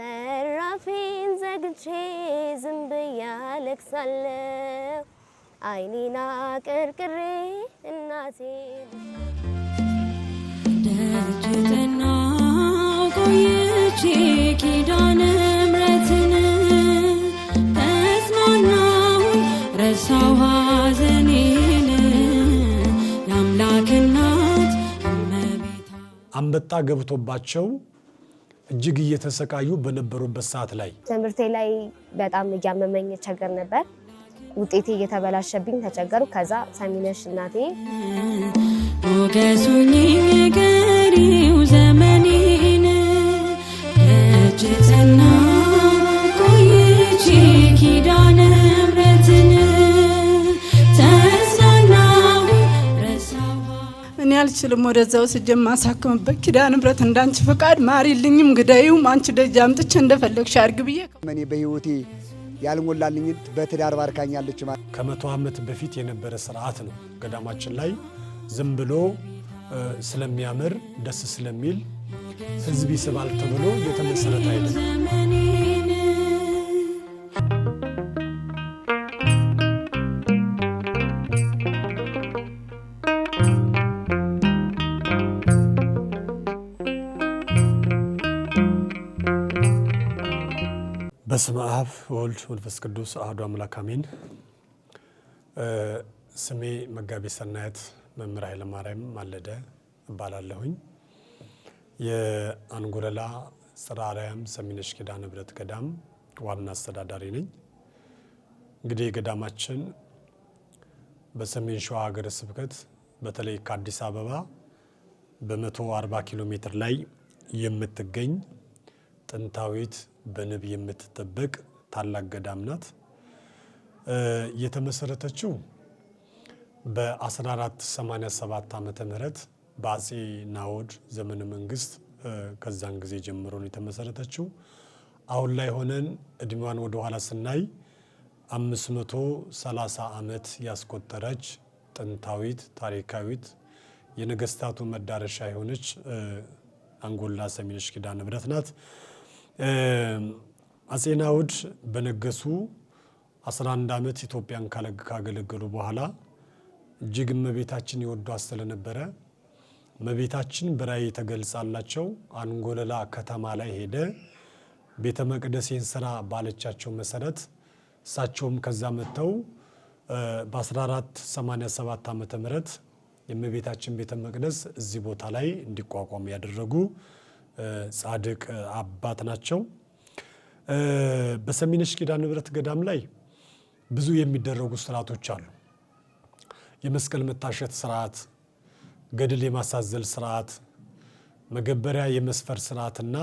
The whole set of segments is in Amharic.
በራፌን ዘግቼ ዝም ብዬ አለቅሳለሁ አይኔን አቀርቅሬ እናቴ ደጅ ጠናሁ ቆይቼ ኪዳነ ምሕረትን ተጽናናሁ ረሳሁ ሐዘኔን የአምላክ እናት እመቤታ አንበጣ ገብቶባቸው እጅግ እየተሰቃዩ በነበሩበት ሰዓት ላይ ትምህርቴ ላይ በጣም እያመመኝ ቸገር ነበር። ውጤቴ እየተበላሸብኝ ተቸገሩ። ከዛ ሰሚነሽ እናቴ ሞገሱኝ ገሪው ዘመኔን እጅ ቆይቼ ኪዳነ አልችልም። ወደዛው ስጀም ማሳክምበት ኪዳነ ምሕረት እንዳንቺ ፍቃድ ማሪልኝም ግዳዩም አንቺ ደጅ አምጥቼ እንደፈለግሽ አድርግ ብዬ እኔ በህይወቴ ያልሞላልኝ በትዳር ባርካኛለች። ማለት ከመቶ ዓመት በፊት የነበረ ስርዓት ነው። ገዳማችን ላይ ዝም ብሎ ስለሚያምር ደስ ስለሚል ህዝብ ይስባል ተብሎ የተመሰረተ አይደለም። በስመ አብ ወልድ መንፈስ ቅዱስ አሐዱ አምላክ አሜን። ስሜ መጋቤ ሰናየት መምህር ኃይለማርያም ማለደ እባላለሁኝ። የአንጎለላ ጽርሐ አርያም ሰሚነሽ ኪዳነ ምህረት ገዳም ዋና አስተዳዳሪ ነኝ። እንግዲህ ገዳማችን በሰሜን ሸዋ ሀገረ ስብከት በተለይ ከአዲስ አበባ በ140 ኪሎ ሜትር ላይ የምትገኝ ጥንታዊት በንብ የምትጠበቅ ታላቅ ገዳም ናት። የተመሰረተችው በ1487 ዓ ም በአጼ ናኦድ ዘመነ መንግስት ከዛን ጊዜ ጀምሮ ነው የተመሰረተችው። አሁን ላይ ሆነን እድሜዋን ወደ ኋላ ስናይ 530 ዓመት ያስቆጠረች ጥንታዊት ታሪካዊት የነገስታቱ መዳረሻ የሆነች አንጎላ ሰሚነሽ ኪዳነ ምሕረት ናት። አጼ በነገሱ 11 ዓመት ኢትዮጵያን ካገለገሉ በኋላ እጅግ እመቤታችን ይወዷት ስለነበረ እመቤታችን በራእይ ተገልጻላቸው አንጎለላ ከተማ ላይ ሄደ ቤተ መቅደሴን ስራ ባለቻቸው መሰረት እሳቸውም ከዛ መጥተው በ1487 ዓ ም የእመቤታችን ቤተ መቅደስ እዚህ ቦታ ላይ እንዲቋቋም ያደረጉ ጻድቅ አባት ናቸው። በሰሚነሽ ኪዳነ ምህረት ገዳም ላይ ብዙ የሚደረጉ ስርዓቶች አሉ። የመስቀል መታሸት ስርዓት፣ ገድል የማሳዘል ስርዓት፣ መገበሪያ የመስፈር ስርዓትና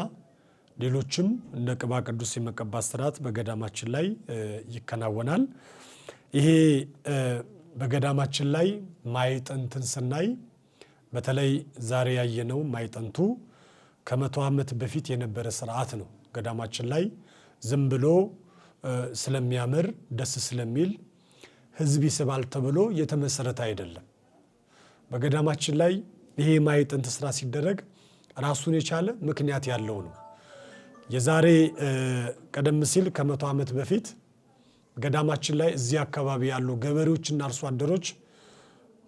ሌሎችም እንደ ቅባ ቅዱስ የመቀባት ስርዓት በገዳማችን ላይ ይከናወናል። ይሄ በገዳማችን ላይ ማይጠንትን ስናይ በተለይ ዛሬ ያየነው ማይጠንቱ ከመቶ ዓመት በፊት የነበረ ስርዓት ነው። ገዳማችን ላይ ዝም ብሎ ስለሚያምር ደስ ስለሚል ህዝብ ይስባል ተብሎ የተመሰረተ አይደለም። በገዳማችን ላይ ይሄ ማየ ስራ ሲደረግ ራሱን የቻለ ምክንያት ያለው ነው። የዛሬ ቀደም ሲል ከመቶ ዓመት በፊት ገዳማችን ላይ እዚህ አካባቢ ያሉ ገበሬዎችና አርሶ አደሮች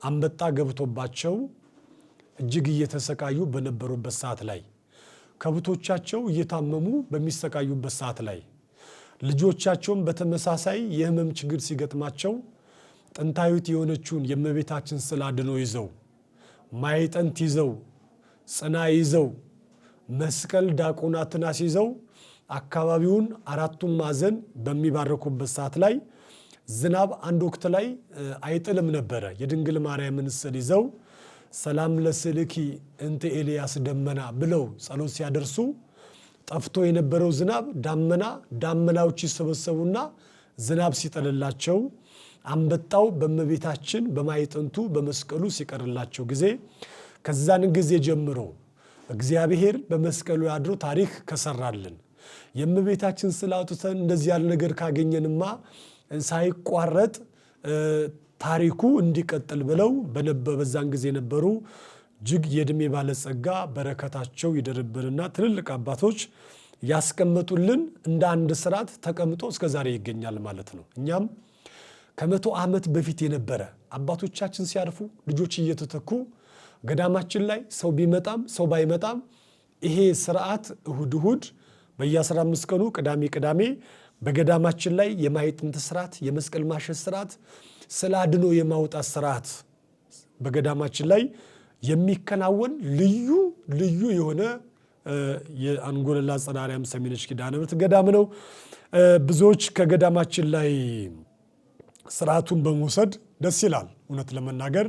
አንበጣ ገብቶባቸው እጅግ እየተሰቃዩ በነበሩበት ሰዓት ላይ ከብቶቻቸው እየታመሙ በሚሰቃዩበት ሰዓት ላይ ልጆቻቸውን በተመሳሳይ የህመም ችግር ሲገጥማቸው ጥንታዊት የሆነችውን የእመቤታችን ስዕል አድኖ ይዘው ማይጠንት ይዘው ጽና ይዘው መስቀል ትናስ ይዘው አካባቢውን አራቱን ማዕዘን በሚባረኩበት ሰዓት ላይ ዝናብ አንድ ወቅት ላይ አይጥልም ነበረ። የድንግል ማርያምን ስዕል ይዘው ሰላም ለስልኪ እንተ ኤልያስ ደመና ብለው ጸሎት ሲያደርሱ ጠፍቶ የነበረው ዝናብ ዳመና ዳመናዎች ይሰበሰቡና ዝናብ ሲጠልላቸው አንበጣው በእመቤታችን በማዕጠንቱ በመስቀሉ ሲቀርላቸው ጊዜ ከዛን ጊዜ ጀምሮ እግዚአብሔር በመስቀሉ ያድሮ ታሪክ ከሰራልን የእመቤታችን ስለ አውጥተን እንደዚህ ያለ ነገር ካገኘንማ ሳይቋረጥ ታሪኩ እንዲቀጥል ብለው በዛን ጊዜ የነበሩ እጅግ የእድሜ ባለጸጋ በረከታቸው ይደርብንና ትልልቅ አባቶች ያስቀመጡልን እንደ አንድ ስርዓት ተቀምጦ እስከ ዛሬ ይገኛል ማለት ነው። እኛም ከመቶ ዓመት በፊት የነበረ አባቶቻችን ሲያርፉ ልጆች እየተተኩ ገዳማችን ላይ ሰው ቢመጣም ሰው ባይመጣም ይሄ ስርዓት እሁድ እሁድ በየ15 ቀኑ ቅዳሜ ቅዳሜ በገዳማችን ላይ የማየጥንት ስርዓት፣ የመስቀል ማሸት ስርዓት ስለ አድኖ የማውጣት ስርዓት በገዳማችን ላይ የሚከናወን ልዩ ልዩ የሆነ የአንጎለላ ጸናሪያም አርያም ኪዳነ ምሕረት ገዳም ነው። ብዙዎች ከገዳማችን ላይ ስርዓቱን በመውሰድ ደስ ይላል። እውነት ለመናገር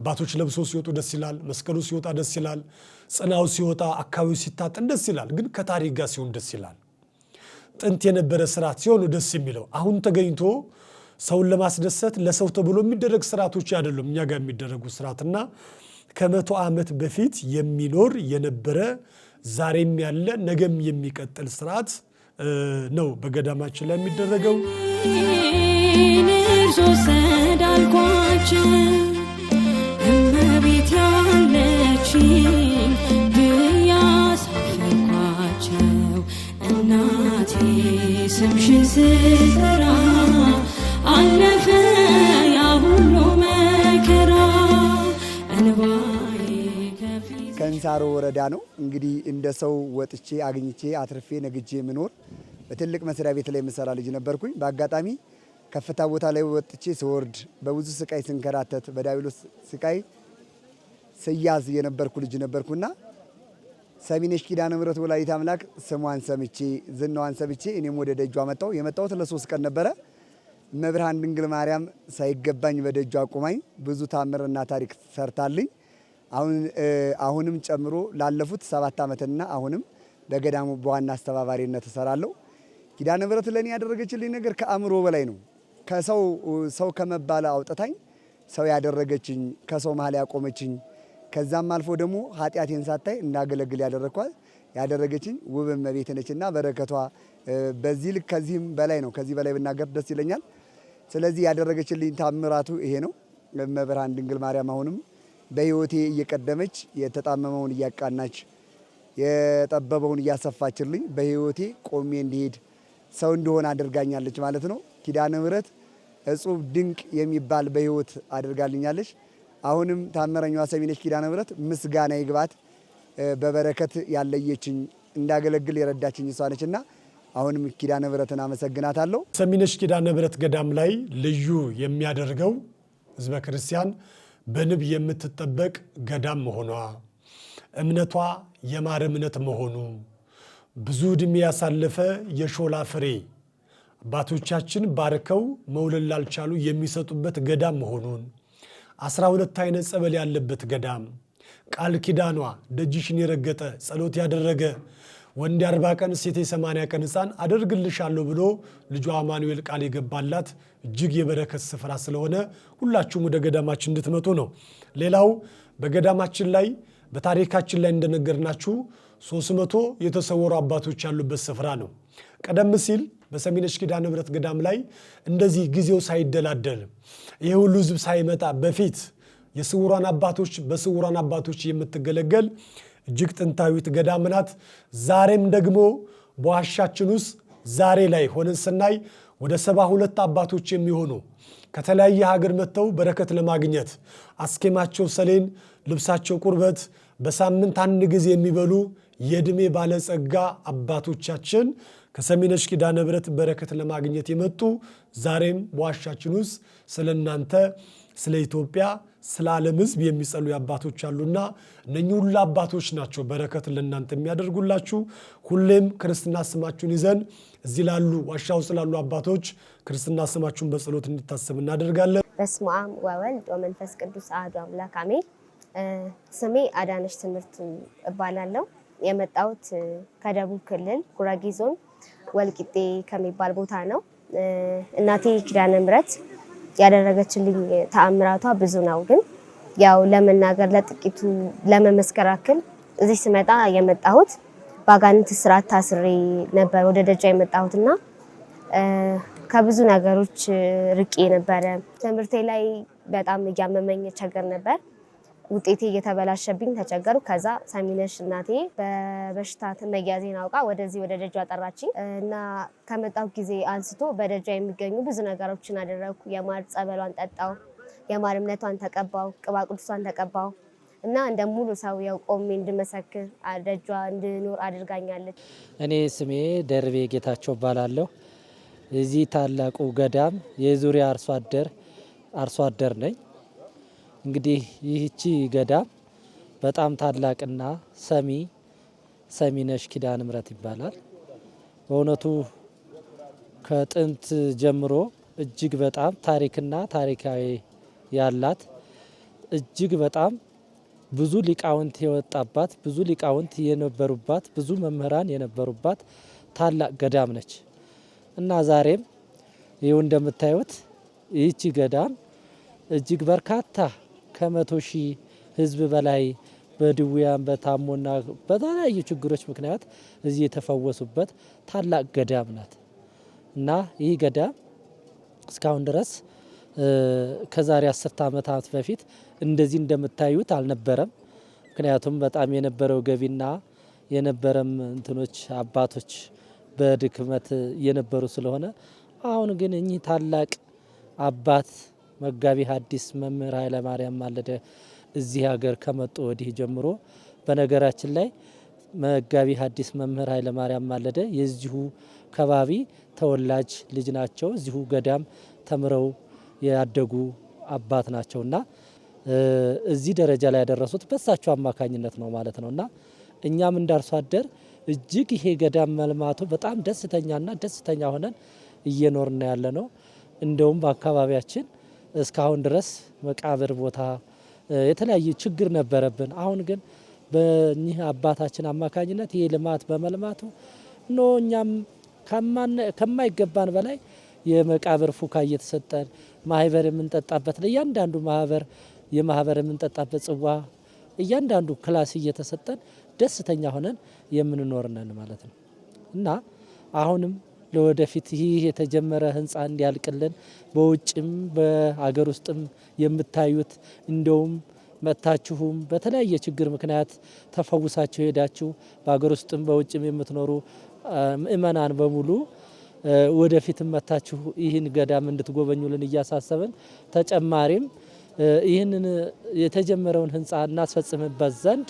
አባቶች ለብሶ ሲወጡ ደስ ይላል። መስቀሉ ሲወጣ ደስ ይላል። ጽናው ሲወጣ፣ አካባቢው ሲታጠን ደስ ይላል። ግን ከታሪክ ጋር ሲሆን ደስ ይላል። ጥንት የነበረ ስርዓት ሲሆኑ ደስ የሚለው አሁን ተገኝቶ ሰውን ለማስደሰት ለሰው ተብሎ የሚደረግ ስርዓቶች አይደሉም እኛ ጋር የሚደረጉ ስርዓትና ከመቶ ዓመት በፊት የሚኖር የነበረ ዛሬም ያለ ነገም የሚቀጥል ስርዓት ነው በገዳማችን ላይ የሚደረገው። እመቤት ስምሽን ስጠራ አለፈ ያ ሁሉ መከራ እንባዬ ወረዳ ነው እንግዲህ እንደ ሰው ወጥቼ አግኝቼ አትርፌ ነግጄ ምኖር በትልቅ መስሪያ ቤት ላይ የምሰራ ልጅ ነበርኩኝ። በአጋጣሚ ከፍታ ቦታ ላይ ወጥቼ ስወርድ በብዙ ስቃይ ስንከራተት በዳቢሎስ ስቃይ ስያዝ የነበርኩ ልጅ ነበርኩና ሰሚነሽ ኪዳነ ምሕረት ወላዲተ አምላክ ስሟን ሰምቼ ዝናዋን ሰምቼ እኔም ወደ ደጇ መጣሁ። የመጣሁት ለሶስት ቀን ነበረ። እመብርሃን ድንግል ማርያም ሳይገባኝ በደጇ አቁማኝ ብዙ ታምርና ታሪክ ሰርታልኝ አሁንም ጨምሮ ላለፉት ሰባት ዓመትና አሁንም በገዳሙ በዋና አስተባባሪነት እሰራለሁ። ኪዳነ ምሕረት ለእኔ ያደረገችልኝ ነገር ከአእምሮ በላይ ነው። ከሰው ሰው ከመባል አውጥታኝ ሰው ያደረገችኝ፣ ከሰው መሀል ያቆመችኝ፣ ከዛም አልፎ ደግሞ ኃጢአቴን ሳታይ እንዳገለግል ያደረግኳት ያደረገችኝ ውብ እመቤት ነችና በረከቷ በዚህ ልክ ከዚህም በላይ ነው። ከዚህ በላይ ብናገር ደስ ይለኛል። ስለዚህ ያደረገችልኝ ታምራቱ ይሄ ነው። እመብርሃን ድንግል ማርያም አሁንም በህይወቴ እየቀደመች የተጣመመውን እያቃናች የጠበበውን እያሰፋችልኝ በህይወቴ ቆሜ እንዲሄድ ሰው እንደሆነ አድርጋኛለች ማለት ነው። ኪዳነ ምሕረት እጹብ ድንቅ የሚባል በህይወት አድርጋልኛለች። አሁንም ታምረኛ ሰሚነች ኪዳነ ምሕረት ምስጋና ይግባት። በበረከት ያለየችኝ እንዳገለግል የረዳችኝ እሷ እና። አሁንም ኪዳነ ምሕረትን አመሰግናታለሁ። ሰሚነሽ ኪዳነ ምሕረት ገዳም ላይ ልዩ የሚያደርገው ህዝበ ክርስቲያን በንብ የምትጠበቅ ገዳም መሆኗ፣ እምነቷ የማር እምነት መሆኑ፣ ብዙ ዕድሜ ያሳለፈ የሾላ ፍሬ አባቶቻችን ባርከው መውለድ ላልቻሉ የሚሰጡበት ገዳም መሆኑን፣ አስራ ሁለት አይነት ጸበል ያለበት ገዳም ቃል ኪዳኗ ደጅሽን የረገጠ ጸሎት ያደረገ ወንድ የአርባ ቀን ሴት የሰማንያ ቀን ህፃን አደርግልሻለሁ ብሎ ልጇ አማኑኤል ቃል የገባላት እጅግ የበረከት ስፍራ ስለሆነ ሁላችሁም ወደ ገዳማችን እንድትመጡ ነው። ሌላው በገዳማችን ላይ በታሪካችን ላይ እንደነገርናችሁ 300 የተሰወሩ አባቶች ያሉበት ስፍራ ነው። ቀደም ሲል በሰሜነች ኪዳነ ምሕረት ገዳም ላይ እንደዚህ ጊዜው ሳይደላደል ይህ ሁሉ ህዝብ ሳይመጣ በፊት የስውራን አባቶች በስውራን አባቶች የምትገለገል እጅግ ጥንታዊት ገዳም ናት። ዛሬም ደግሞ በዋሻችን ውስጥ ዛሬ ላይ ሆነን ስናይ ወደ ሰባ ሁለት አባቶች የሚሆኑ ከተለያየ ሀገር መጥተው በረከት ለማግኘት አስኬማቸው ሰሌን፣ ልብሳቸው ቁርበት በሳምንት አንድ ጊዜ የሚበሉ የዕድሜ ባለጸጋ አባቶቻችን ከሰሜነች ኪዳነ ብረት በረከት ለማግኘት የመጡ ዛሬም በዋሻችን ውስጥ ስለ እናንተ ስለ ኢትዮጵያ ስለ ዓለም ሕዝብ አባቶች አሉና እነኚህ ሁሉ አባቶች ናቸው በረከትን ለእናንተ የሚያደርጉላችሁ። ሁሌም ክርስትና ስማችሁን ይዘን እዚህ ላሉ ዋሻ ውስጥ ላሉ አባቶች ክርስትና ስማችሁን በጸሎት እንዲታሰብ እናደርጋለን። በስመ አብ ወወልድ ወመንፈስ ቅዱስ አህዱ አምላክ አሜን። ስሜ አዳነሽ ትምህርት እባላለሁ። የመጣሁት ከደቡብ ክልል ጉራጌ ዞን ወልቂጤ ከሚባል ቦታ ነው። እናቴ ኪዳነ ምረት ያደረገችልኝ ተአምራቷ ብዙ ነው። ግን ያው ለመናገር ለጥቂቱ ለመመስከር አክል እዚህ ስመጣ የመጣሁት በአጋንንት ስርዓት ታስሬ ነበር ወደ ደጃ የመጣሁት እና ከብዙ ነገሮች ርቄ ነበረ። ትምህርቴ ላይ በጣም እያመመኝ ቸገር ነበር። ውጤቴ እየተበላሸብኝ ተቸገሩ። ከዛ ሰሚነሽ እናቴ በበሽታ መያዜን አውቃ ወደዚህ ወደ ደጇ ጠራችኝ እና ከመጣሁ ጊዜ አንስቶ በደጇ የሚገኙ ብዙ ነገሮችን አደረግኩ። የማር ጸበሏን ጠጣው፣ የማር እምነቷን ተቀባው፣ ቅባ ቅዱሷን ተቀባው እና እንደ ሙሉ ሰው ያው ቆሜ እንድመሰክር ደጇ እንድኖር አድርጋኛለች። እኔ ስሜ ደርቤ ጌታቸው እባላለሁ። እዚህ ታላቁ ገዳም የዙሪያ አርሶ አደር አርሶ አደር ነኝ። እንግዲህ ይህቺ ገዳም በጣም ታላቅና ሰሚ ሰሚነሽ ኪዳነ ምሕረት ይባላል። በእውነቱ ከጥንት ጀምሮ እጅግ በጣም ታሪክና ታሪካዊ ያላት እጅግ በጣም ብዙ ሊቃውንት የወጣባት ብዙ ሊቃውንት የነበሩባት ብዙ መምህራን የነበሩባት ታላቅ ገዳም ነች እና ዛሬም ይኸው እንደምታዩት ይህቺ ገዳም እጅግ በርካታ ከመቶ ሺህ ህዝብ በላይ በድውያን በታሞና በተለያዩ ችግሮች ምክንያት እዚህ የተፈወሱበት ታላቅ ገዳም ናት እና ይህ ገዳም እስካሁን ድረስ ከዛሬ አስርተ ዓመታት በፊት እንደዚህ እንደምታዩት አልነበረም። ምክንያቱም በጣም የነበረው ገቢና የነበረም እንትኖች አባቶች በድክመት የነበሩ ስለሆነ አሁን ግን እኚህ ታላቅ አባት መጋቢ ሐዲስ መምህር ማርያም ማለደ እዚህ ሀገር ከመጡ ወዲህ ጀምሮ በነገራችን ላይ መጋቢ ሐዲስ መምህር ማርያም ማለደ የዚሁ ከባቢ ተወላጅ ልጅ ናቸው። እዚሁ ገዳም ተምረው ያደጉ አባት እና እዚህ ደረጃ ላይ ያደረሱት በሳቸው አማካኝነት ነው ማለት እና እኛም እንዳርሶ አደር እጅግ ይሄ ገዳም መልማቱ በጣም ደስተኛና ደስተኛ ሆነን እየኖርና ያለ ነው። እንደውም በአካባቢያችን እስካሁን ድረስ መቃብር ቦታ የተለያየ ችግር ነበረብን። አሁን ግን በእኚህ አባታችን አማካኝነት ይህ ልማት በመልማቱ ኖ እኛም ከማይገባን በላይ የመቃብር ፉካ እየተሰጠን ማህበር የምንጠጣበት ለእያንዳንዱ ማህበር የማህበር የምንጠጣበት ጽዋ እያንዳንዱ ክላስ እየተሰጠን ደስተኛ ሆነን የምንኖርነን ማለት ነው እና አሁንም ለወደፊት ይህ የተጀመረ ህንፃ እንዲያልቅልን በውጭም በሀገር ውስጥም የምታዩት እንደውም መታችሁም በተለያየ ችግር ምክንያት ተፈውሳችሁ ሄዳችሁ በአገር ውስጥም በውጭም የምትኖሩ ምእመናን በሙሉ ወደፊትም መታችሁ ይህን ገዳም እንድትጎበኙልን እያሳሰብን ተጨማሪም ይህንን የተጀመረውን ህንፃ እናስፈጽምበት ዘንድ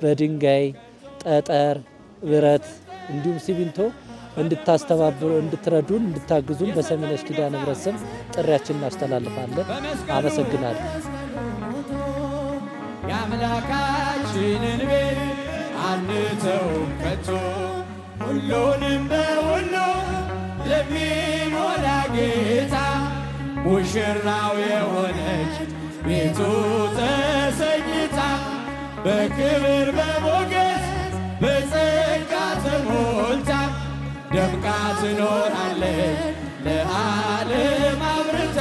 በድንጋይ ጠጠር፣ ብረት እንዲሁም ሲሚንቶ እንድታስተባብሩ፣ እንድትረዱን፣ እንድታግዙን በሰሚነሽ ኪዳነ ምሕረት ስም ጥሪያችን እናስተላልፋለን። አመሰግናለሁ። የአምላካችንን ቤት አንተውም ከቶ ሁሉንም በሁሉ ለሚሞላ ጌታ ሙሽራው የሆነች ቤቱ ተሰኝታ በክብር በቦ ጸጋ ትኖራለህ ለዓለም አብርታ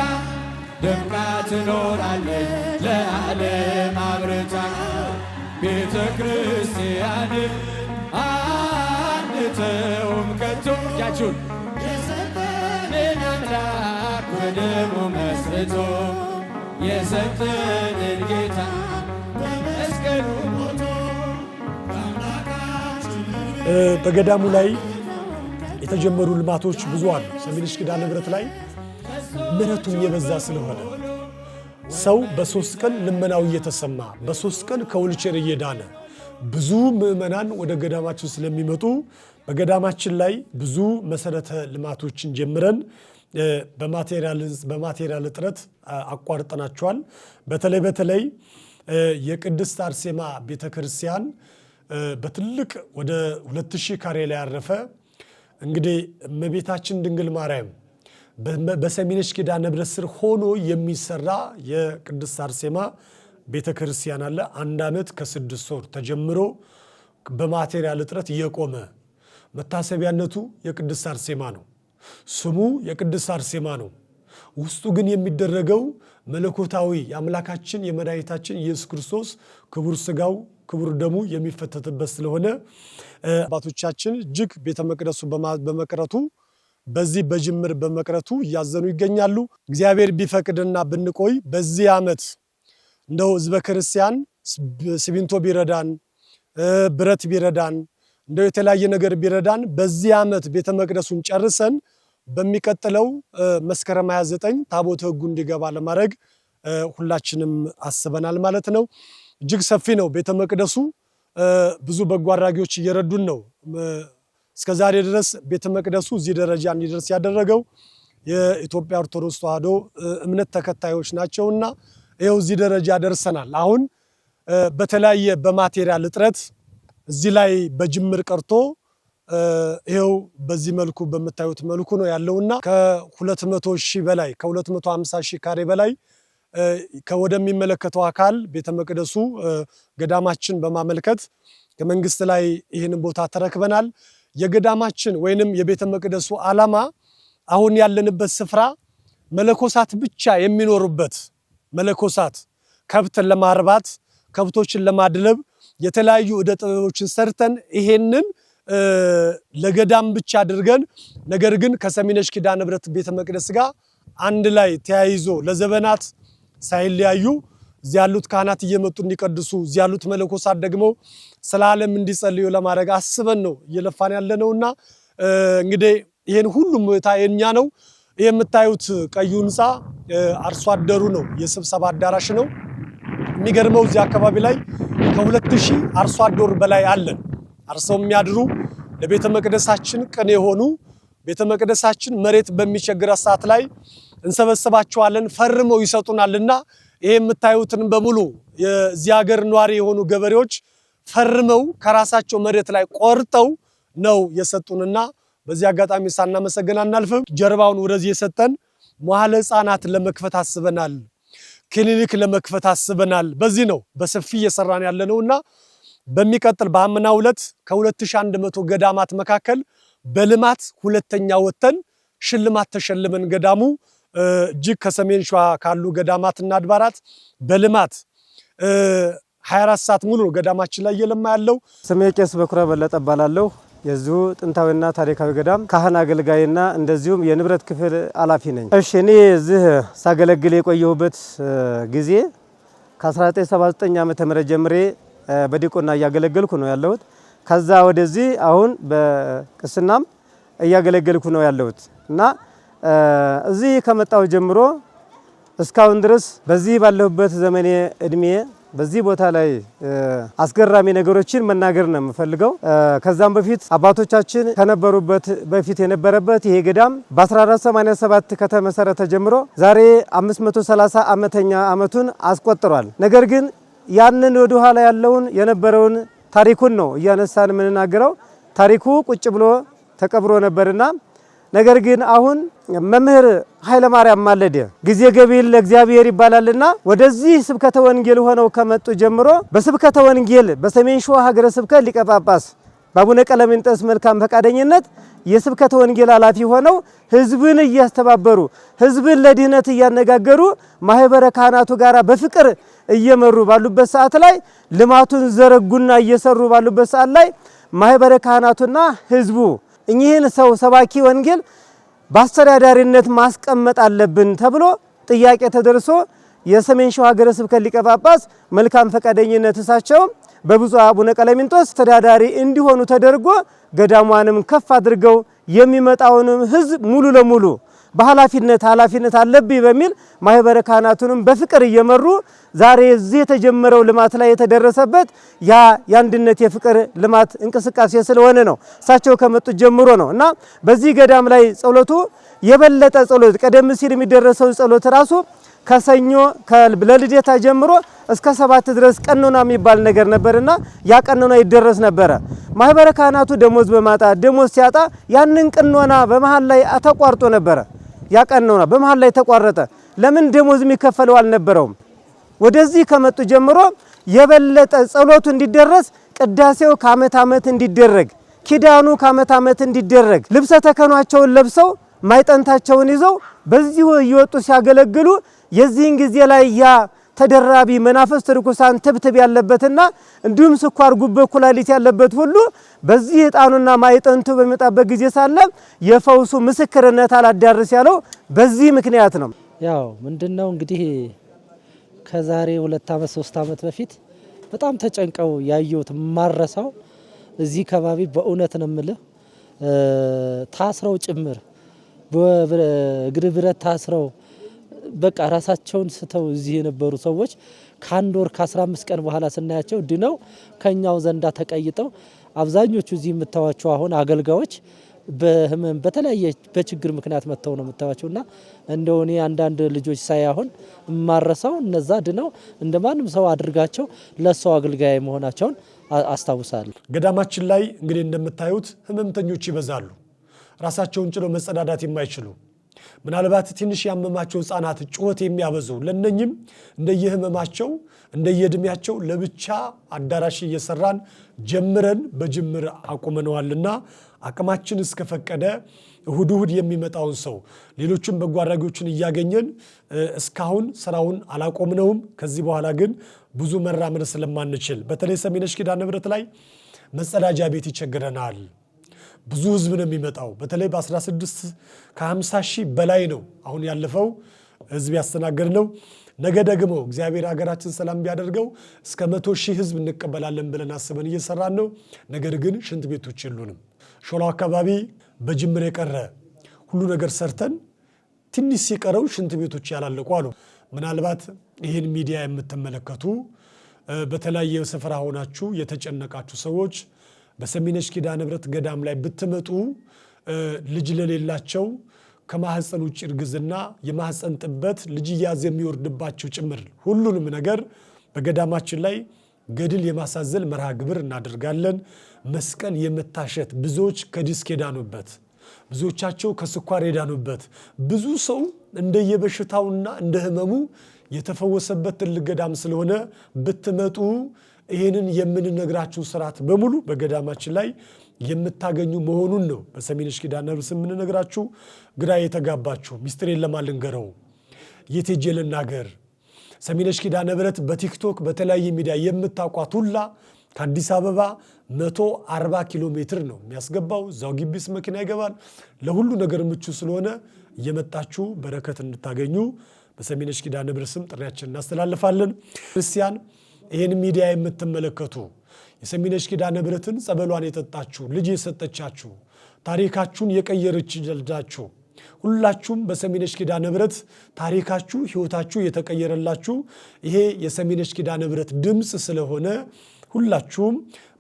ደምቃ ትኖራለህ ለዓለም አብርታ ቤተ ክርስቲያን አንተውም ከቶ እጃችሁን የሰጠንን አምላክ በደሙ መስርቶ የሰጠንን ጌታ በመስቀሉ ሞቶ በገዳሙ ላይ የተጀመሩ ልማቶች ብዙ አሉ። ሰሚነሽ ኪዳነ ምህረት ላይ ምህረቱም የበዛ ስለሆነ ሰው በሶስት ቀን ልመናው እየተሰማ በሶስት ቀን ከውልቼር እየዳነ ብዙ ምዕመናን ወደ ገዳማችን ስለሚመጡ በገዳማችን ላይ ብዙ መሰረተ ልማቶችን ጀምረን በማቴሪያል እጥረት አቋርጠናቸዋል። በተለይ በተለይ የቅድስት አርሴማ ቤተክርስቲያን በትልቅ ወደ 2000 ካሬ ላይ ያረፈ እንግዲህ እመቤታችን ድንግል ማርያም በሰሚነሽ ኪዳ ምሕረት ስር ሆኖ የሚሰራ የቅድስት አርሴማ ቤተ ክርስቲያን አለ። አንድ ዓመት ከስድስት ወር ተጀምሮ በማቴሪያል እጥረት የቆመ መታሰቢያነቱ የቅድስት አርሴማ ነው። ስሙ የቅድስት አርሴማ ነው። ውስጡ ግን የሚደረገው መለኮታዊ የአምላካችን የመድኃኒታችን ኢየሱስ ክርስቶስ ክቡር ስጋው ክቡር ደሙ የሚፈተትበት ስለሆነ አባቶቻችን እጅግ ቤተ መቅደሱ በመቅረቱ በዚህ በጅምር በመቅረቱ እያዘኑ ይገኛሉ። እግዚአብሔር ቢፈቅድና ብንቆይ በዚህ ዓመት እንደው ህዝበ ክርስቲያን ሲሚንቶ ቢረዳን ብረት ቢረዳን እንደው የተለያየ ነገር ቢረዳን በዚህ ዓመት ቤተ መቅደሱን ጨርሰን በሚቀጥለው መስከረም 29 ታቦተ ሕጉ እንዲገባ ለማድረግ ሁላችንም አስበናል ማለት ነው። እጅግ ሰፊ ነው ቤተ መቅደሱ። ብዙ በጎ አድራጊዎች እየረዱን ነው። እስከ ዛሬ ድረስ ቤተ መቅደሱ እዚህ ደረጃ እንዲደርስ ያደረገው የኢትዮጵያ ኦርቶዶክስ ተዋሕዶ እምነት ተከታዮች ናቸውና ይኸው እዚህ ደረጃ ደርሰናል። አሁን በተለያየ በማቴሪያል እጥረት እዚህ ላይ በጅምር ቀርቶ ይኸው በዚህ መልኩ በምታዩት መልኩ ነው ያለውና ከ200 ሺህ በላይ ከ250 ሺህ ካሬ በላይ ወደሚመለከተው አካል ቤተ መቅደሱ ገዳማችን በማመልከት ከመንግስት ላይ ይህንን ቦታ ተረክበናል። የገዳማችን ወይንም የቤተ መቅደሱ ዓላማ አሁን ያለንበት ስፍራ መለኮሳት ብቻ የሚኖሩበት መለኮሳት ከብትን ለማርባት ከብቶችን ለማድለብ የተለያዩ እደ ጥበቦችን ሰርተን ይሄንን ለገዳም ብቻ አድርገን ነገር ግን ከሰሚነሽ ኪዳነ ምህረት ቤተ መቅደስ ጋር አንድ ላይ ተያይዞ ለዘበናት ሳይለያዩ እዚህ ያሉት ካህናት እየመጡ እንዲቀድሱ እዚህ ያሉት መለኮሳት ደግሞ ስለ ዓለም እንዲጸልዩ ለማድረግ አስበን ነው እየለፋን ነውና እንግዲህ ይህን ሁሉም የኛ ነው። የምታዩት ቀዩ ህንፃ አርሶ አደሩ ነው፣ የስብሰባ አዳራሽ ነው። የሚገርመው እዚህ አካባቢ ላይ ከሁለት ሺህ አርሶ አደር በላይ አለን። አርሰው የሚያድሩ ለቤተ መቅደሳችን ቅን የሆኑ ቤተ መቅደሳችን መሬት በሚቸግረ ሰዓት ላይ እንሰበስባቸዋለን ፈርመው ይሰጡናልና ይሄ የምታዩትን በሙሉ የዚህ ሀገር ነዋሪ የሆኑ ገበሬዎች ፈርመው ከራሳቸው መሬት ላይ ቆርጠው ነው የሰጡንና በዚህ አጋጣሚ ሳናመሰግን አናልፍም። ጀርባውን ወደዚህ የሰጠን መዋለ ህፃናት ለመክፈት አስበናል፣ ክሊኒክ ለመክፈት አስበናል። በዚህ ነው በሰፊ እየሰራን እና በሚቀጥል በአምና ሁለት ከ2100 ገዳማት መካከል በልማት ሁለተኛ ወጥተን ሽልማት ተሸልመን ገዳሙ እጅግ ከሰሜን ሸዋ ካሉ ገዳማትና አድባራት በልማት 24 ሰዓት ሙሉ ገዳማችን ላይ እየለማ ያለው። ስሜ ቄስ በኩረ በለጠ እባላለሁ። የዚሁ ጥንታዊና ታሪካዊ ገዳም ካህን አገልጋይና እንደዚሁም የንብረት ክፍል ኃላፊ ነኝ። እሺ እኔ እዚህ ሳገለግል የቆየሁበት ጊዜ ከ1979 ም ጀምሬ በዲቆና እያገለገልኩ ነው ያለሁት። ከዛ ወደዚህ አሁን በቅስናም እያገለገልኩ ነው ያለሁት እና እዚህ ከመጣሁ ጀምሮ እስካሁን ድረስ በዚህ ባለሁበት ዘመኔ እድሜ በዚህ ቦታ ላይ አስገራሚ ነገሮችን መናገር ነው የምፈልገው። ከዛም በፊት አባቶቻችን ከነበሩበት በፊት የነበረበት ይሄ ገዳም በ1487 ከተመሰረተ ጀምሮ ዛሬ 530 ዓመተኛ ዓመቱን አስቆጥሯል። ነገር ግን ያንን ወደ ኋላ ያለውን የነበረውን ታሪኩን ነው እያነሳን የምንናገረው። ታሪኩ ቁጭ ብሎ ተቀብሮ ነበርና ነገር ግን አሁን መምህር ኃይለ ማርያም ማለደ ጊዜ ገቢል ለእግዚአብሔር ይባላልና ወደዚህ ስብከተ ወንጌል ሆነው ከመጡ ጀምሮ በስብከተ ወንጌል በሰሜን ሸዋ ሀገረ ስብከት ሊቀ ጳጳስ በአቡነ ቀለሜንጦስ መልካም ፈቃደኝነት የስብከተ ወንጌል ኃላፊ ሆነው ህዝብን እያስተባበሩ ህዝብን ለድህነት እያነጋገሩ ማህበረ ካህናቱ ጋር በፍቅር እየመሩ ባሉበት ሰዓት ላይ ልማቱን ዘረጉና እየሰሩ ባሉበት ሰዓት ላይ ማህበረ ካህናቱና ህዝቡ እኚህን ሰው ሰባኪ ወንጌል በአስተዳዳሪነት ማስቀመጥ አለብን ተብሎ ጥያቄ ተደርሶ የሰሜን ሸዋ ሀገረ ስብከት ሊቀ ጳጳስ መልካም ፈቃደኝነት እሳቸው በብፁዕ አቡነ ቀለሚንጦስ ተዳዳሪ እንዲሆኑ ተደርጎ ገዳሟንም ከፍ አድርገው የሚመጣውንም ሕዝብ ሙሉ ለሙሉ በኃላፊነት ኃላፊነት አለብኝ በሚል ማህበረ ካህናቱንም በፍቅር እየመሩ ዛሬ እዚህ የተጀመረው ልማት ላይ የተደረሰበት ያ የአንድነት የፍቅር ልማት እንቅስቃሴ ስለሆነ ነው። እሳቸው ከመጡት ጀምሮ ነው እና በዚህ ገዳም ላይ ጸሎቱ የበለጠ ጸሎት ቀደም ሲል የሚደረሰው ጸሎት ራሱ ከሰኞ ለልደታ ጀምሮ እስከ ሰባት ድረስ ቀኖና የሚባል ነገር ነበርና ያ ቀኖና ይደረስ ነበረ። ማህበረ ካህናቱ ደሞዝ በማጣት ደሞዝ ሲያጣ ያንን ቀኖና በመሀል ላይ ተቋርጦ ነበረ። ያ ቀኖና በመሀል ላይ ተቋረጠ። ለምን ደሞዝ የሚከፈለው አልነበረውም። ወደዚህ ከመጡ ጀምሮ የበለጠ ጸሎቱ እንዲደረስ ቅዳሴው ከዓመት ዓመት እንዲደረግ ኪዳኑ ከዓመት ዓመት እንዲደረግ ልብሰ ተከኗቸውን ለብሰው ማይጠንታቸውን ይዘው በዚሁ እየወጡ ሲያገለግሉ የዚህን ጊዜ ላይ ያ ተደራቢ መናፍስት ርኩሳን ትብትብ ያለበትና እንዲሁም ስኳር፣ ጉበ፣ ኩላሊት ያለበት ሁሉ በዚህ ዕጣኑና ማይጠንቱ በሚመጣበት ጊዜ ሳለ የፈውሱ ምስክርነት አላዳርስ ያለው በዚህ ምክንያት ነው። ያው ምንድነው እንግዲህ ከዛሬ ሁለት ዓመት ሶስት ዓመት በፊት በጣም ተጨንቀው ያየሁት ማረሳው እዚህ ከባቢ በእውነት ነው የምልህ ታስረው ጭምር በእግር ብረት ታስረው በቃ ራሳቸውን ስተው እዚህ የነበሩ ሰዎች ከአንድ ወር ከ ቀን በኋላ ስናያቸው ድነው ከኛው ዘንዳ ተቀይጠው አብዛኞቹ እዚህ የምታዋቸው አሁን አገልጋዮች በህመም በተለያየ በችግር ምክንያት መጥተው ነው የምታዩቸው። እና እንደው እኔ አንዳንድ ልጆች ሳይሆን ማረሳው እነዛ ድነው እንደ ማንም ሰው አድርጋቸው ለሰው አገልጋይ መሆናቸውን አስታውሳለሁ። ገዳማችን ላይ እንግዲህ እንደምታዩት ህመምተኞች ይበዛሉ። ራሳቸውን ችለው መጸዳዳት የማይችሉ ምናልባት ትንሽ ያመማቸው ህጻናት ጩኸት የሚያበዙ ለነኝም እንደየህመማቸው እንደየእድሜያቸው ለብቻ አዳራሽ እየሰራን ጀምረን በጅምር አቁመነዋልና አቅማችን እስከፈቀደ እሁድ እሁድ የሚመጣውን ሰው ሌሎችን በጎ አድራጊዎችን እያገኘን እስካሁን ስራውን አላቆምነውም። ከዚህ በኋላ ግን ብዙ መራመድ ስለማንችል በተለይ ሰሜነሽ ኪዳነ ምሕረት ላይ መጸዳጃ ቤት ይቸግረናል። ብዙ ህዝብ ነው የሚመጣው። በተለይ በ16 ከ50 ሺህ በላይ ነው አሁን ያለፈው ህዝብ ያስተናገድ ነው። ነገ ደግሞ እግዚአብሔር ሀገራችን ሰላም ቢያደርገው እስከ መቶ ሺህ ህዝብ እንቀበላለን ብለን አስበን እየሰራን ነው። ነገር ግን ሽንት ቤቶች የሉንም። ሾላ አካባቢ በጅምር የቀረ ሁሉ ነገር ሰርተን ትንሽ ሲቀረው ሽንት ቤቶች ያላለቁ አሉ። ምናልባት ይህን ሚዲያ የምትመለከቱ በተለያየ ስፍራ ሆናችሁ የተጨነቃችሁ ሰዎች በሰሚነሽ ኪዳነ ምህረት ገዳም ላይ ብትመጡ ልጅ ለሌላቸው ከማህፀን ውጭ እርግዝና፣ የማህፀን ጥበት፣ ልጅ እያዝ የሚወርድባቸው ጭምር ሁሉንም ነገር በገዳማችን ላይ ገድል የማሳዘል መርሃ ግብር እናደርጋለን። መስቀል የመታሸት ብዙዎች ከዲስክ የዳኑበት፣ ብዙዎቻቸው ከስኳር የዳኑበት፣ ብዙ ሰው እንደየበሽታውና እንደ ህመሙ የተፈወሰበት ትልቅ ገዳም ስለሆነ ብትመጡ ይህንን የምንነግራችሁ ስርዓት በሙሉ በገዳማችን ላይ የምታገኙ መሆኑን ነው። በሰሜንሽ እሽ ኪዳነ ምህረት የምንነግራችሁ ግራ የተጋባችሁ ሚስጥሬን ለማልንገረው የቴጄ ልናገር ሰሚነሽ ኪዳነ ምህረት በቲክቶክ በተለያየ ሚዲያ የምታውቋት ሁላ ከአዲስ አበባ 140 ኪሎ ሜትር ነው የሚያስገባው። እዛው ጊቢስ መኪና ይገባል። ለሁሉ ነገር ምቹ ስለሆነ እየመጣችሁ በረከት እንድታገኙ በሰሚነሽ ኪዳነ ምህረት ስም ጥሪያችን እናስተላልፋለን። ክርስቲያን ይህን ሚዲያ የምትመለከቱ የሰሚነሽ ኪዳነ ምህረትን ጸበሏን የጠጣችሁ ልጅ የሰጠቻችሁ ታሪካችሁን የቀየረች ጀልዳችሁ ሁላችሁም በሰሚነሽ ኪዳነ ምህረት ታሪካችሁ፣ ህይወታችሁ የተቀየረላችሁ ይሄ የሰሚነሽ ኪዳነ ምህረት ድምፅ ስለሆነ ሁላችሁም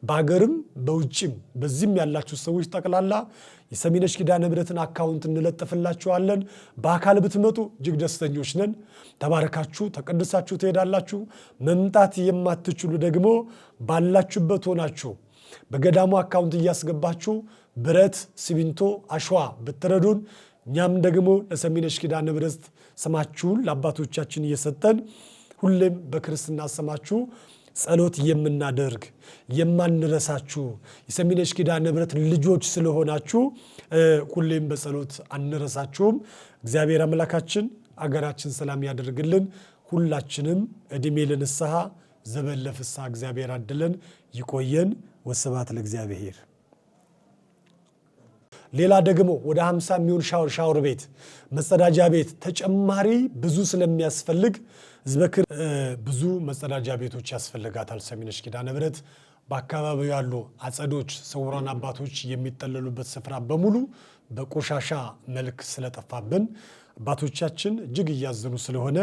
በሀገርም በውጭም በዚህም ያላችሁ ሰዎች ጠቅላላ የሰሚነሽ ኪዳነ ምህረትን አካውንት እንለጥፍላችኋለን። በአካል ብትመጡ እጅግ ደስተኞች ነን። ተባረካችሁ፣ ተቀድሳችሁ ትሄዳላችሁ። መምጣት የማትችሉ ደግሞ ባላችሁበት ሆናችሁ በገዳሙ አካውንት እያስገባችሁ ብረት፣ ሲሚንቶ፣ አሸዋ ብትረዱን እኛም ደግሞ ለሰሚነሽ ኪዳን ንብረት ስማችሁን ለአባቶቻችን እየሰጠን ሁሌም በክርስትና ስማችሁ ጸሎት የምናደርግ የማንረሳችሁ የሰሚነሽ ኪዳን ንብረት ልጆች ስለሆናችሁ ሁሌም በጸሎት አንረሳችሁም። እግዚአብሔር አምላካችን አገራችን ሰላም ያደርግልን። ሁላችንም እድሜ ለንስሐ ዘመን እግዚአብሔር አድለን። ይቆየን። ወስብሐት ለእግዚአብሔር። ሌላ ደግሞ ወደ 50 የሚሆን ሻወር ሻወር ቤት መጸዳጃ ቤት ተጨማሪ ብዙ ስለሚያስፈልግ ዝበክር ብዙ መጸዳጃ ቤቶች ያስፈልጋታል። ሰሚነሽ ኪዳነ ምሕረት በአካባቢው ያሉ አጸዶች፣ ስውራን አባቶች የሚጠለሉበት ስፍራ በሙሉ በቆሻሻ መልክ ስለጠፋብን አባቶቻችን እጅግ እያዘኑ ስለሆነ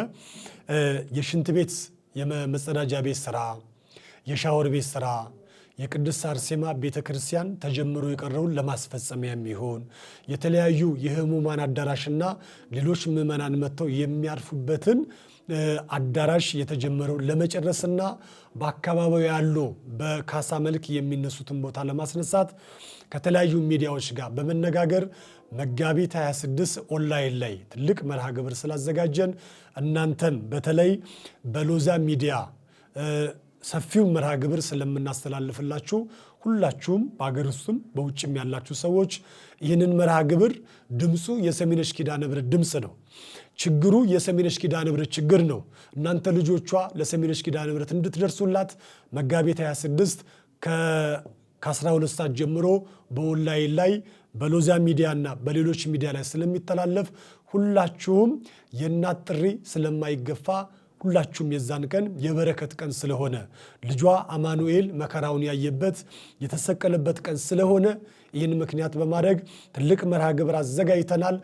የሽንት ቤት የመጸዳጃ ቤት ስራ፣ የሻወር ቤት ስራ የቅድስት አርሴማ ቤተ ክርስቲያን ተጀምሮ የቀረውን ለማስፈጸሚያ የሚሆን የተለያዩ የህሙማን አዳራሽና ሌሎች ምዕመናን መጥተው የሚያርፉበትን አዳራሽ የተጀመረው ለመጨረስና በአካባቢው ያሉ በካሳ መልክ የሚነሱትን ቦታ ለማስነሳት ከተለያዩ ሚዲያዎች ጋር በመነጋገር መጋቢት 26 ኦንላይን ላይ ትልቅ መርሃ ግብር ስላዘጋጀን እናንተም በተለይ በሎዛ ሚዲያ ሰፊው መርሃ ግብር ስለምናስተላልፍላችሁ ሁላችሁም በሀገር ውስጥም በውጭም ያላችሁ ሰዎች ይህንን መርሃ ግብር ድምፁ የሰሜነሽ ኪዳነ ምህረት ድምፅ ነው። ችግሩ የሰሜነሽ ኪዳነ ምህረት ችግር ነው። እናንተ ልጆቿ ለሰሜነሽ ኪዳነ ምህረት እንድትደርሱላት መጋቢት 26 ከ12 ሰዓት ጀምሮ በኦንላይን ላይ በሎዛ ሚዲያና በሌሎች ሚዲያ ላይ ስለሚተላለፍ ሁላችሁም የእናት ጥሪ ስለማይገፋ ሁላችሁም የዛን ቀን የበረከት ቀን ስለሆነ ልጇ አማኑኤል መከራውን ያየበት የተሰቀለበት ቀን ስለሆነ ይህን ምክንያት በማድረግ ትልቅ መርሃ ግብር አዘጋጅተናል።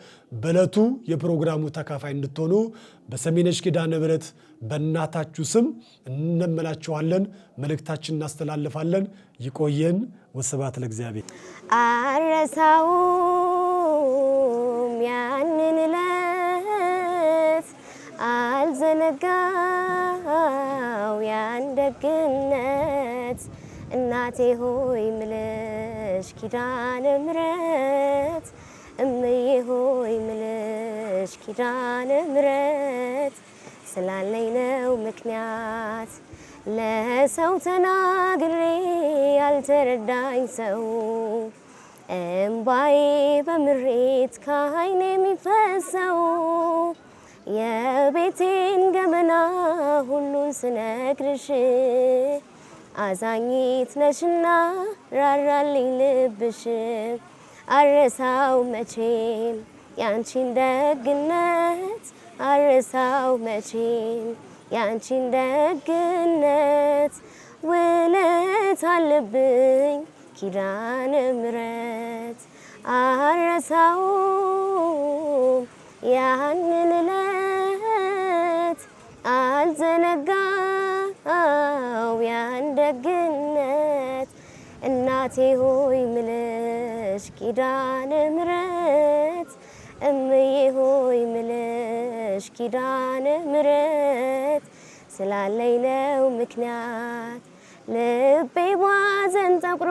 በእለቱ የፕሮግራሙ ተካፋይ እንድትሆኑ በሰሜነሽ ኪዳነ ምሕረት በእናታችሁ ስም እንመላችኋለን፣ መልእክታችን እናስተላልፋለን። ይቆየን። ወስብሐት ለእግዚአብሔር። የዘጋው ያን ደግነት እናቴ ሆይ ምልሽ ኪዳነ ምሕረት እምዬ ሆይ ምልሽ ኪዳነ ምሕረት ስላለኝ ነው ምክንያት ለሰው ተናግሬ ያልተረዳኝ ሰው እምባዬ በምሬት ከዓይኔ የሚፈሰው የቤቴን ገመና ሁሉን ስነግርሽ አዛኝት ነሽና ራራልኝ ልብሽ አረሳው መቼም ያንቺን ደግነት አረሳው መቼም ያንቺን ደግነት ውለት አለብኝ ኪዳነ ምሕረት አረሳው ያንን ዕለት አልዘነጋው ያን ደግነት እናቴ ሆይ ምልሽ ኪዳነ ምሕረት እምዬ ሆይ ምልሽ ኪዳነ ምሕረት ስላለኝ ነው ምክንያት ልቤ ባዘን ጠቁሮ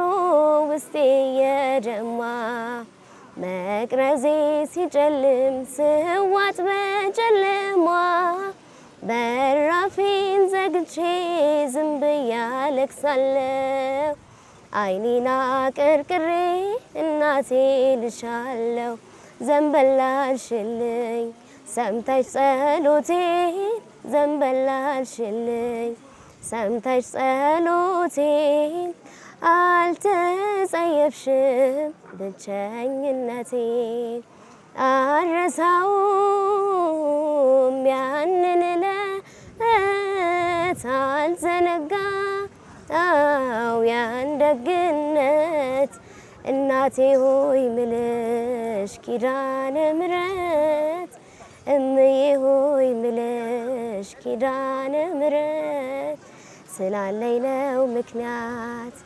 ውስጤ የደማ መቅረዜ ሲጨልም ስዋጥ በጨለማ በራፌን ዘግቼ ዝም ብዬ አለቅሳለሁ። አይኔና ቅርቅሬ እናቴ ልሻለሁ ዘንበላልሽልኝ ሰምተሽ ጸሎቴን ዘንበላልሽልኝ ሰምተሽ ጸሎቴን አልተጸየፍሽም ብቸኝነቴ አረሳውም ያንን ዕለት አልዘነጋው ያን ደግነት እናቴ ሆይ ምልሽ ኪዳነ ምሕረት እምዬ ሆይ ምልሽ ኪዳነ ምሕረት ስላለኝ ነው ምክንያት